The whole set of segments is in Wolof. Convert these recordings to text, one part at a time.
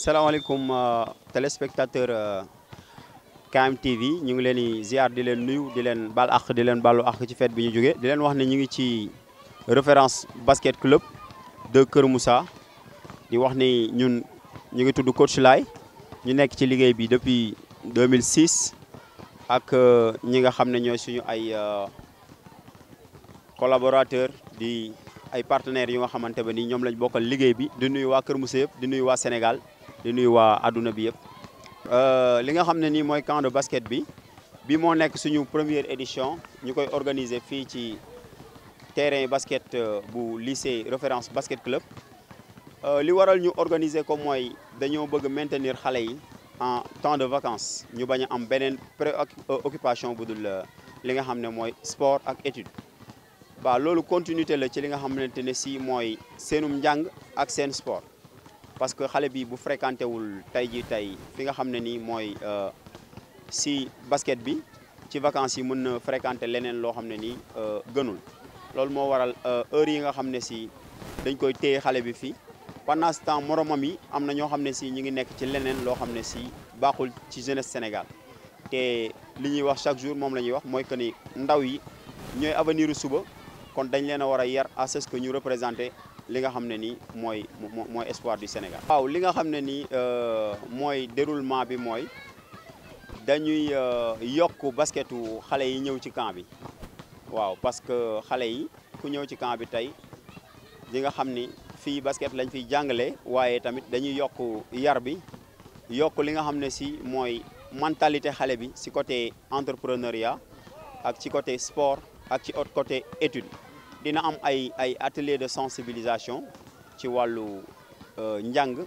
Assalamualaikum uh, uh, KM KMTV ñu ngi leen di ziar di leen nuyu di leen bal ak di leen balu ak ci fête bi ñu joggé di leen wax ni ñu ngi ci référence basket club de Keur Moussa di wax ni ñun ñu ngi tuddu coach lay, ñu nekk ci liggéey bi depuis 2006 ak uh, ñi nga xamné ñoy suñu ay collaborateur di ay partenaire yu nga xamanté ba ni ñom lañ bokal liggéey bi di nuyu wa Keur Moussa yépp di nuyu wa Sénégal di nuyu wa aduna bi yëpp. Euh, li nga xam ne nii mooy camp de basket bi bi moo nekk suñu première édition ñu koy organiser fii ci terrain basket euh, bu lycée référence basket club. Euh, li waral ñu organiser ko mooy dañoo bëgg maintenir xale yi en temps de vacances ñu bañ a am beneen préoccupation bu dul li nga xam ne mooy sport ak étude. waaw loolu continuité la ci li nga xamante ne si mooy seenum njàng ak seen sport parce que xalé bi bu fréquenté wul tey ji tey fi nga xamné ni moy euh si basket bi ci vacances yi mën fréquenté leneen lo xamné ni euh gënul lool mo waral euh heure yi nga xamné si dañ koy téy xalé bi fi pendant ce temps moromam yi am na ñoo si ñi ngi nekk ci leneen lo xamné si baxul ci jeunesse Sénégal té li ñuy wax chaque jour mom lañuy wax moy que ni ndaw yi ñoy avenir suba kon dañ leena wara war a yar à ce que ñu représenter li nga xam ni mooy mooy espoir du Sénégal. waaw li nga xam ne ni euh, mooy déroulement bi dañuy euh, basketu xale yi ñëw ci camp bi waaw parce que xale yi ku ñëw ci camp bi tey di nga xam ni basket lañ fiy jàngale waaye tamit dañuy yokku yar bi yokk li nga si mooy mentalité xale bi si côté entrepreneuriat ak ci côté sport ak ci autre côté étude. dina am ay ay atelier de sensibilisation ci wàllu euh, njang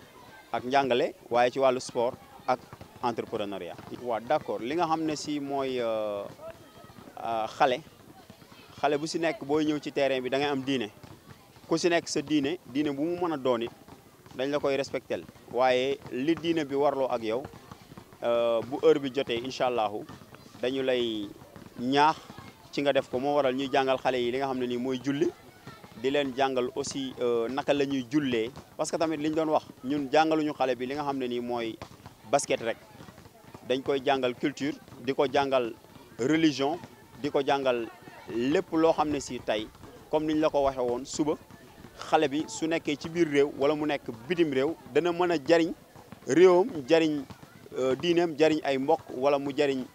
ak njàngale waye ci walu sport ak entrepreneuriat. wa d'accord li nga xamné ne si mooy xalé euh, euh, xalé bu si nek boy ñëw ci terrain bi da ngay am diiné ku si nek sa diiné diiné bu mu mëna doon dañ la koy respectel waye li diiné bi warlo ak yow bu heure bi jotté inshallah dañu lay ñaax. ci nga def ko moo waral ñuy jàngal xale yi li nga xam ne nii mooy julli di leen jàngal aussi euh, naka la ñuy jullee parce que tamit li jangal doon wax ñun jàngaluñu xale bi li nga basket rek dañ koy jangal culture diko jangal religion diko jangal jàngal lépp loo xam ne si tey comme niñ la ko waxee woon suba xale bi su nekkee ci biir réew wala mu nekk bitim réew dana mën jariñ réewam jariñ euh, diineem jariñ ay mbokk wala mu jariñ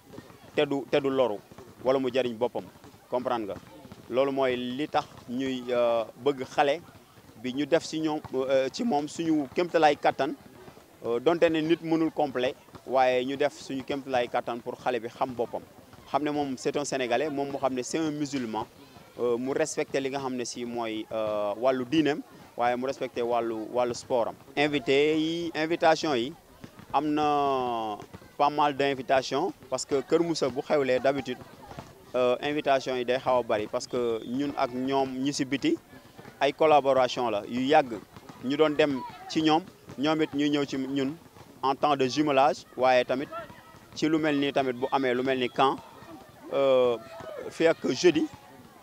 teddu teddu loru wala mu jariñ bopam comprendre nga loolu moy li tax ñuy euh, bëgg xalé bi ñu def ci ñom euh, ci mom suñu kémtalaay kattan euh, donte ne nit mënul complet waye ñu def suñu kémtalaay katan pour xalé bi xam bopam xam ne c'est un sénégalais mom mu xam ne c'est un musulman mu respecté li nga xam ne si mooy walu dinem waye mu respecté walu walu sport invité yi invitation yi amna pas mal d'invitations, parce que keur Moussa bu xewlé d'habitude euh, invitation yi day xaw parce que ñun ak ñom ñi biti ay collaboration la yu yag ñu doon dem ci ñom en temps de jumelage waye tamit ci lu tamit camp euh, jeudi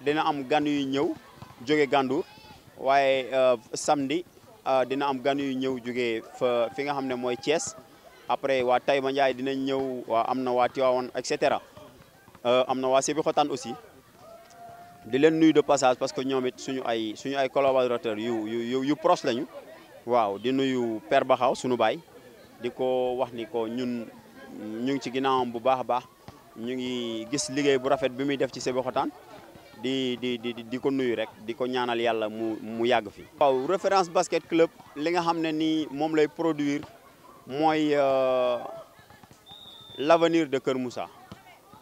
dina am gan yu ñew euh, samedi dina am gan yu ñew après wa Taïba Euh, am wa sibi Sébikotane aussi di len nuyu de passage parce que ñomit suñu ay suñu ay collaborateur yu yu yu proche lañu waaw di nuyu Père Baxaw suñu bay diko wax ni ko ñun ñu ngi ci ginaawam bu baax baax ñu ngi gis liggey bu rafet bi muy def ci Sébikotane di di di di ko nuyu rek di ñaanal yalla mu mu yag fi. waaw reference basket club li nga xamne ni mom lay produire euh, l'avenir de keur Moussa.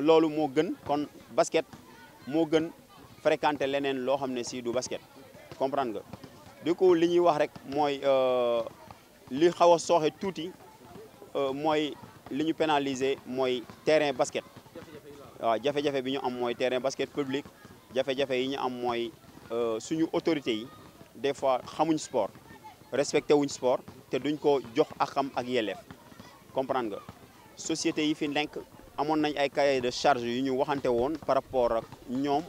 loolu mo gën kon basket mo gën fréquenter lenen lo xamné ne si du basket comprendre nga du coup li wax rek euh li xawa soxé touti euh moy liñu pénaliser moy terrain basket wa jafé jafé biñu am moy terrain basket public jafé jafé yi ñu am euh suñu autorité yi des fois xamuñ sport respecté wuñ sport té duñ ko jox akam ak yelef comprendre nga société yi fi nekk amoon ay cahier de charge yu ñu waxanté won par rapport ak ñom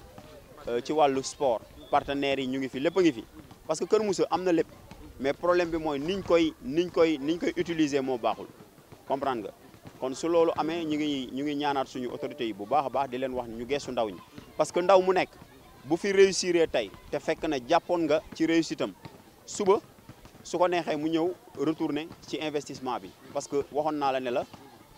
euh, ci walu sport partenaire yi ñu ngi fi lepp ngi fi parce que keur Moussa amna lepp mais problème bi moy niñ koy niñ koy niñ koy utiliser mo baxul comprendre nga kon su lolu amé ñu ngi ñu ngi ñaanat suñu autorité yi bu baax baax di leen wax ñu gessu ndaw ñi parce que ndaw mu nekk bu fi réussiré tay té fekk na japon nga ci réussitam suba su ko nexé mu ñew retourner ci investissement bi parce que waxon na la ne la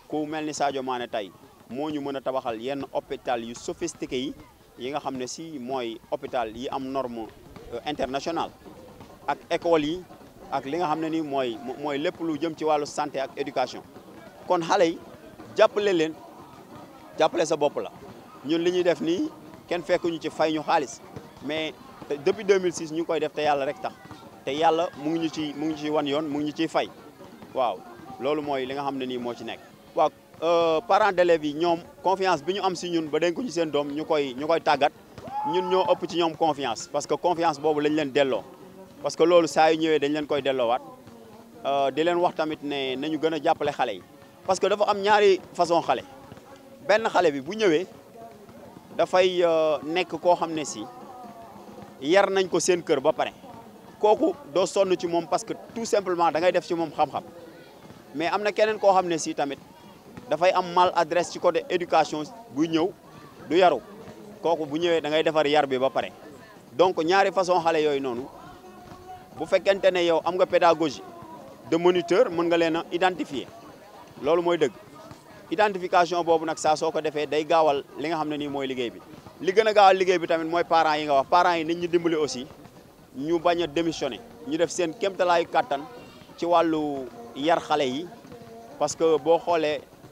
ku mel ni Sadio Mané tey moo ñu mën a tabaxal yenn hôpital yu sophistiqué yi yi nga xam ne si mooy hôpital yi am norme euh, internationale ak école yi ak li nga xam ne ni mooy lépp lu jëm ci wàllu sante ak éducation kon xale yi jàppale leen jàppale sa bopp la ñun li ñuy def nii kenn fekkuñu ci fay ñu xaalis mais depuis 2006 ñu ngi koy def te yàlla rek tax te yàlla mu ngi ñu ci mu ngi ci wan yoon mu ngi ñu ciy fay waaw loolu mooy li nga xam ne nii moo ci nekk waaw euh, parents d'élèves yi ñoom confiance bi ñu am si ñun ba dénku ñu seen doom ñu koy tagat ñun ñoo ëpp ci confiance parce que confiance boobu lañ leen delloo parce que loolu saa yu ñëwee dañ leen koy delloowaat euh, di leen wax tamit ne nañu gën a jàppale yi parce que dafa am ñaari façon xale benn xale bi bu dafai nek euh, nekk koo xam ne si yar nañ ko seen kër ba pare kooku doo sonn ci moom parce que tout simplement da ngay def ci moom xam-xam mais am na ko koo xam si tamit dafay am adresse ci côté éducation bu ñew du yaru kooku bu ñewé da ngay défar yar bi ba paré donc ñaari façon xalé yoy nonu bu fekkente né yow am nga pédagogie de moniteur mën nga leen identifier lolu moy dëgg identification bobu nak sa soko défé day gawal li nga xamné ni moy mooy liggéey bi li gëna gawal liggéey bi tamit moy parents yi nga wax parents yi nit ñi dimbali aussi ñu baña a démissionner ñu def seen kéemtalaayu kàttan ci walu yar xalé yi parce que bo xolé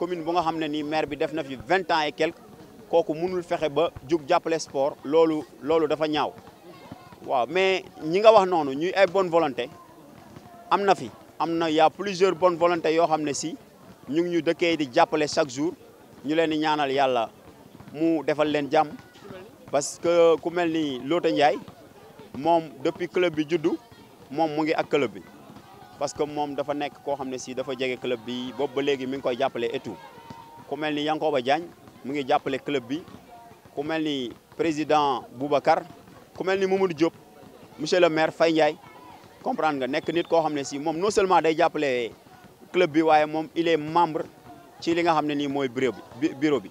commune bu nga xamné ni maire bi def na fi 20 ans et quelque kooku mënul fexé ba jug jàppale sport lolu lolu dafa ñaaw waaw mais ñi nga wax noonu ñuy ay bonne volonté amna fi amna ya plusieurs bonnes volontés yo xamné si ñu ngi ñu dëkkee di jàppale chaque jour ñu leen ñaanal yalla mu defal leen jam parce que ku melni Lota Ndiaye mom depuis club bi juddu mom mu ngi ak club bi parce que mom dafa nek ko xamne si dafa jégué club bi boobu ba légui mi ngi koy jàppale et tout ku melni Yankoba Diagne mi ngi jàppale club bi ku melni président Boubacar ku melni Mamadou Diop monsieur le maire fay comprendre nga nek nit ko xamne si mom non seulement day jàppale club bi waye mom il est membre ci li nga xamne ni moy bureau bi bureau bi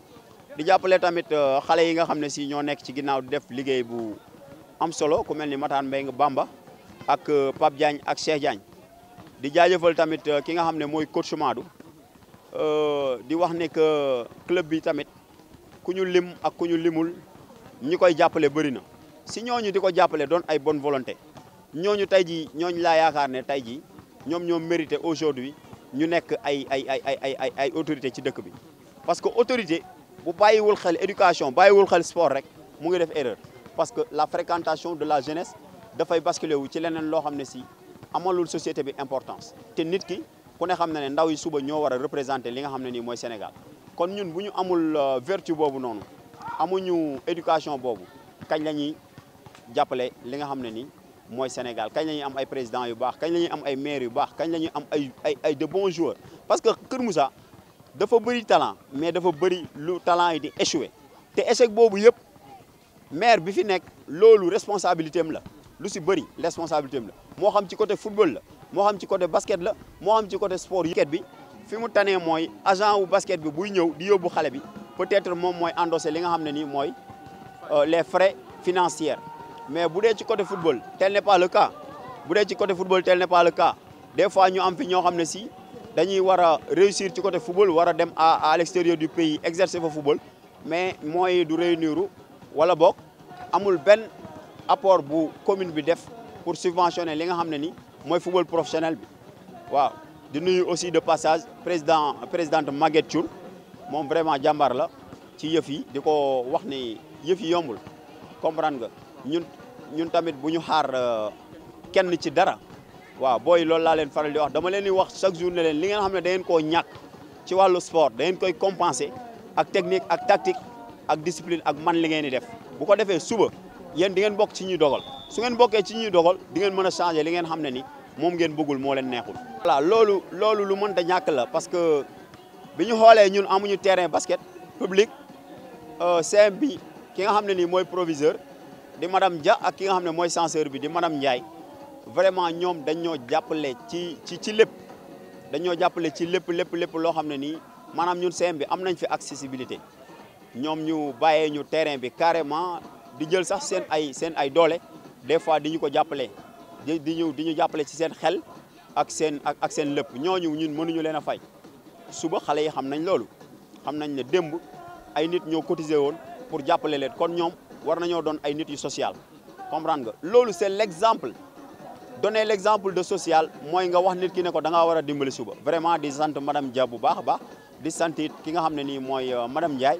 di jàppale tamit euh, xalé yi nga xamne si ño nek ci ginnaw def liggéey bu am solo ku melni matane mbeng Bamba ak euh, pap Diagne ak Cheikh Diagne di jaajëfal tamit euh, ki nga xamné moy coach Madou euh, di wax né que club bi tamit kuñu lim ak kuñu limul ñikoy koy bari na si ñoñu diko ko don ay bonne volonté ñoñu tey jii la laa yaakaar ne tey ñom ñoom mérité aujourd'hui ñu nek ay ay ay ay ay ay autorité ci dëkk bi parce que autorité bu bayiwul xel éducation bayiwul xel sport rek mu ngi def erreur parce que la fréquentation de la jeunesse fay basculer wu ci leneen loo xam ne si amal société bi importance té nit ki ku ne xam né ndaw yi suba ño wara représenter li nga xam ni moy Sénégal kon ñun buñu amul euh, vertu bobu noonu amuñu éducation bobu. kañ lañuy jappalé li nga xam ni moy Sénégal kañ lañuy am ay président yu bax kañ lañuy am ay maire yu bax kañ lañuy am ay ay ay de bons joueurs parce que keur Moussa dafa bëri talent mais dafa bëri lu talent yi di échouer té échec bobu yépp maire bi fi nek lolu responsabilité am la lu ci bëri responsabilité am la moo xam ci côté football la moo xam ci côté basket la moo xam ci côté sport basket bi fi mu tanee agent wu basket bi buy ñëw di yobbu xalé bi peut-être mom moy endossé li nga xamné ni moy euh, les frais financiers mais bu ci côté football tel n'est pas le cas bu ci côté football tel n'est pas le cas des fois ñu am fi ño xamné si dañuy wara réussir ci côté football wara dem à à l'extérieur du pays exercer fa football mais moy duré du réunir wala bok amul ben apport bu commune bi def pour subventionner li nga xamné ni moy football professionnel bi waaw di nuyu aussi de passage président présidente Maguette Thiour moom vraiment jambar la ci yeuf yi diko wax ni yeuf yi yombul comprendre nga ñun ñun tamit buñu xaar euh, kenn ci dara waaw boy loolu la leen faral di wax dama leen di wax chaque jour ne leen li nga xamné da ngeen ko ñak ci walu sport da ngeen koy compenser ak technique ak tactique ak discipline ak man li ngeen di def bu ko defee suba yéen dingeen bokk ci ñuy dogal su ngeen bokkee ci ñuy dogal di ngeen mën a changer li ngeen xam ne ni moom ngeen bëggul moo leen loolu loolu lu mënta ñàkk la parce que bi ñu xoolee ñun amuñu terrain basket public euh, CM bi ki nga xam ne nii mooy proviseur di madame Dia ak ki nga xam ne mooy censeur bi di madame Ndiaye vraiment ñoom dañoo jàppale ci ci ci lépp dañoo jàppale ci lépp lépp lépp loo xam ne nii maanaam ñun CM bi am nañ fi accessibilité ñoom ñu bàyyee ñu terrain bi carrément. di jël sax seen ay sen ay dole, des fois di ko jàppale di di ñu di ñu jàppale ci seen xel ak seen ak ak seen lépp ñooñu ñun mënuñu leen a fay suba xale yi xam nañ xam nañ ay nit ñoo cotisé woon pour jàppale leen kon ñoom war nañoo don ay nit yu social comprendre nga loolu c'est l'exemple donner l'exemple de social moy nga wax nit ki ko da wara war a dimbali suba vraiment di sant madame Dia bu baax a baax di sant ki nga xam ni nii euh, madame Ndiaye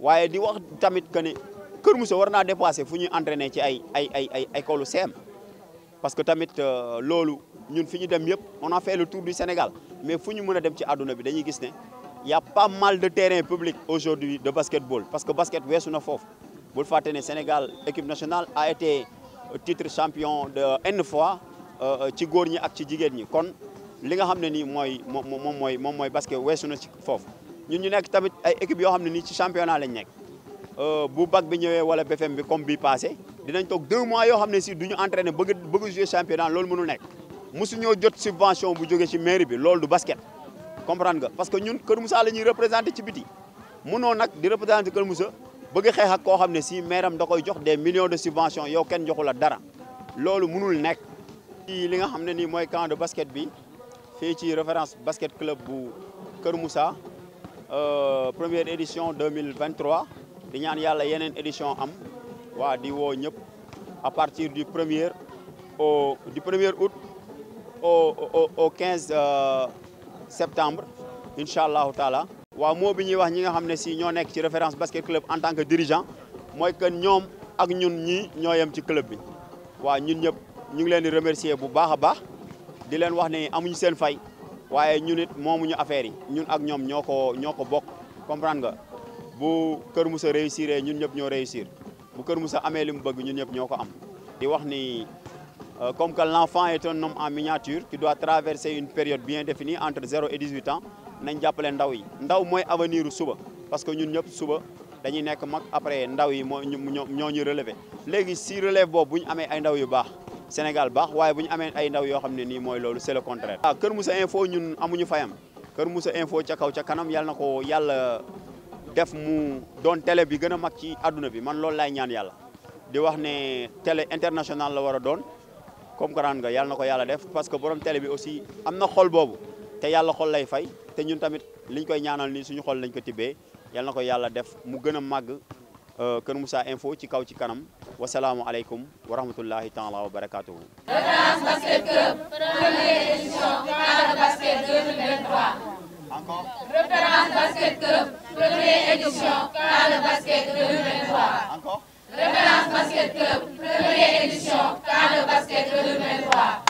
waye di wax tamit que ne keur Moussa warna naa dépasser fu entraîner ci ay ay ay ay école sem parce que tamit euh, lolu ñun fiñu dem yépp on a fait le tour du Sénégal mais fuñu mëna dem ci aduna bi dañuy gis ne y a pas mal de terrain public aujourd'hui de basketball parce que basket wessuna na foofu faté né Sénégal équipe nationale a été euh, titre champion de N fois euh, ci góor ñi ak ci jigéen ñi kon li nga xamné ni moy mom moy basket wessuna ci foofu ñun ñu nekk tamit ay équipe yoo xam ne nii ci championnat lañ nekk euh, bu bag bi ñëwee wala BFM bi comme bi passé dinañ toog deux mois yoo xam ne si du ñu entraîné bëgg bëgg jouer championnat loolu mënul nekk mosuñoo jot subvention bu jógee ci mairie bi loolu du basket comprendre nga parce que ñun Kër Moussa la ñuy représenté ci biti mënoo nag di représenté Kër Moussa bëgg xeex ak koo xam ne si maire am da koy jox des millions de subventions yow kenn joxula dara loolu mënul nekk ci li nga xam ne nii mooy camp de basket bi fii ci référence basket club bu Kër Moussa euh, première édition 2023 di ñaan yalla yenen édition am wa di wo ñep à partir du premier au du premier août au au au 15 euh, septembre Inshallah taala. wa mo bi ñi wax ñi nga xamné si ño nek ci référence basket club en tant que dirigeant moy que ñom ak ñun ñi ñoo ci club bi wa ñun ñep ñu ngi leen di remercier bu baaxa baax di leen wax ni amuñu seen fay waye ñun it ñu affaire yi ñun ak ñom ñoko ñoko bok comprendre nga bu Kër Moussa réussiré ñun ñep ñoo réussir bu keur Moussa amee li mu bëgg ñun ñep ñoko am. di wax ni euh, comme que l'enfant est un homme en miniature qui doit traverser une période bien définie entre 0 et 18 ans nañ jappalé ndaw yi ndaw moy avenir suba parce que ñun ñep suba. dañuy nekk mag après ndaw yi moo ñoo ñu relever légui si relève boobu bu amé ay ndaw yu baax Sénégal baax waaye bu ñu amee ay ndaw yoo xam ne nii mooy loolu c'est le contraire. waaw ah, Kër Moussa Info ñun amuñu fayam Kër Moussa Info ca kaw ca kanam yàlla na ko yàlla def mu doon télé bi gën a mag ci àdduna bi man loolu laay ñaan yàlla di wax ne télé international la war a doon comme que nga yàlla na ko yàlla def parce que borom télé bi aussi am na xol boobu te yàlla xol lay fay te ñun tamit liñ koy ñaanal nii suñu xol lañ ko tibbee yàlla na ko yàlla def mu gën a màgg. Eh, keur musa Info ci kaw ci kanam wasalaamu alaykum wa rahmatullahi taala wa barakatuh encore Référence Basket Club première édition Basket 2023